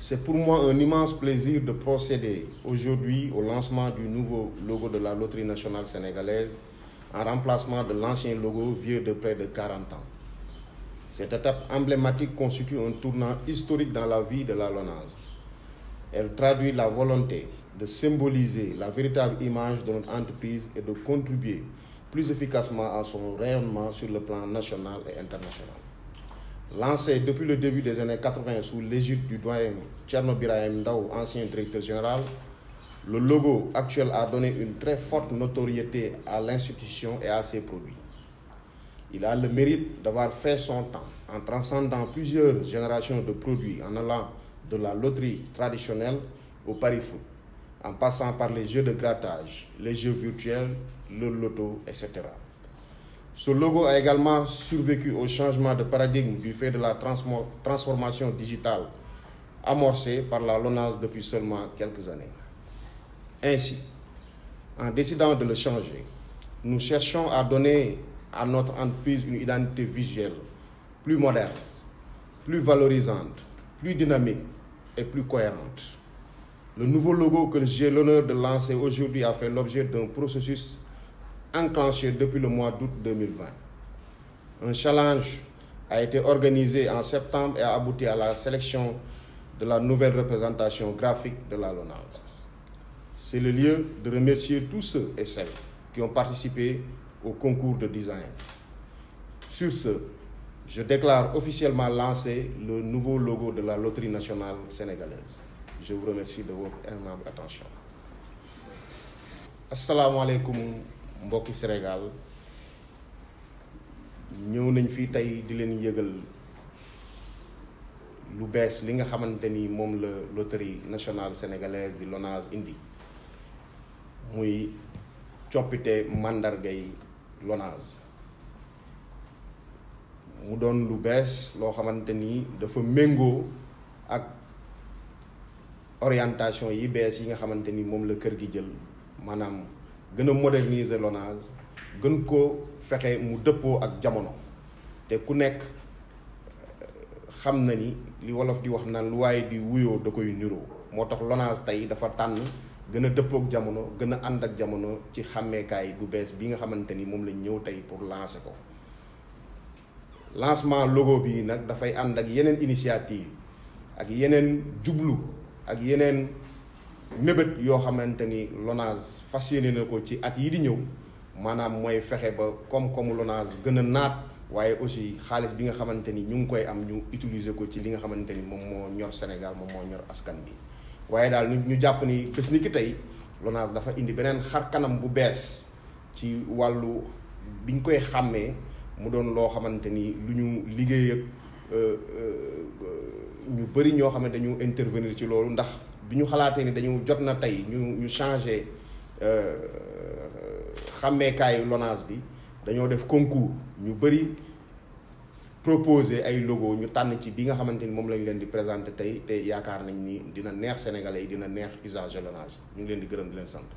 C'est pour moi un immense plaisir de procéder aujourd'hui au lancement du nouveau logo de la Loterie nationale sénégalaise en remplacement de l'ancien logo vieux de près de quarante ans. Cette étape emblématique constitue un tournant historique dans la vie de la LONASE. Elle traduit la volonté de symboliser la véritable image de notre entreprise et de contribuer plus efficacement à son rayonnement sur le plan national et international. lancé depuis le début des années 80 sous l'égide du doyen Tcherno Birahim Ndao, ancien directeur général, le logo actuel a donné une très forte notoriété à l'institution et à ses produits. Il a le mérite d'avoir fait son temps en transcendant plusieurs générations de produits en allant de la loterie traditionnelle au pari foot, en passant par les jeux de grattage, les jeux virtuels, le loto, etc. Ce logo a également survécu au changement de paradigme du fait de la transformation digitale amorcée par la LONASE depuis seulement quelques années. Ainsi, en décidant de le changer, nous cherchons à donner à notre entreprise une identité visuelle plus moderne, plus valorisante, plus dynamique et plus cohérente. Le nouveau logo que j'ai l'honneur de lancer aujourd'hui a fait l'objet d'un processus enclenché depuis le mois d'août 2020. Un challenge a été organisé en septembre et a abouti à la sélection de la nouvelle représentation graphique de la LONASE. C'est le lieu de remercier tous ceux et celles qui ont participé au concours de design. Sur ce, je déclare officiellement lancé le nouveau logo de la Loterie nationale sénégalaise. Je vous remercie de votre aimable attention. asalaamaaleykum mbokki Sénégal ñëw nañ fii tey di leen yëgal lu bees li nga xamante ni moom la loterie nationale sénégalaise di LONASE indi muy coppite màndargay LONASE mu doon lu bees loo xamante ni dafa méngoo ak orientation yi bees yi nga xamante ni moom la kër gi jël maanaam gën a moderniser l'ONAS gën ko fexe mu dëppoo ak jamono te ku nekk euh, xam na ni li wolof di wax naan lu waaye di wuyoo da koy niroo moo tax l'ONAS tey dafa tànn gën a dëppook jamono gën a ànd ak jamono ci xàmmeekaay bu bees bi nga xamante ni moom lañ ñëw tey pour lancer ko lancement logo bii nag dafay ànd ak yeneen initiative ak yeneen jublu ak yeneen mébét yoo xamante ni Lonase fas yéene na ko ci at yii di ñëw maanaam mooy fexe ba koom-koomu Lonase gën a naat waaye aussi xaalis bi nga xamante ni ñu ngi koy am ñu utiliser ko ci li nga xamante ni moom moo ñor Sénégal moom moo ñor askan bi waaye daal ñu jàpp ni bés ki tey Lonase dafa indi beneen xar kanam bu bees ci wàllu biñ koy xàmmee mu doon loo xamante ni lu ñu liggéey euh, euh, ñu bëri ñoo xam ne dañu intervenir ci loolu ndax bi ñu xalaatee ni dañu jot na tey ñu ñu changé euh, xàmmeekaayu LONASE bi dañoo def concours ñu bëri proposer ay logo ñu tànn ci bi nga xamante ni moom lañu leen di présenter tey te yaakaar nañ ni dina neex sénégalais yi dina neex usager LONASE ñu ngi leen di gërëm di leen sant.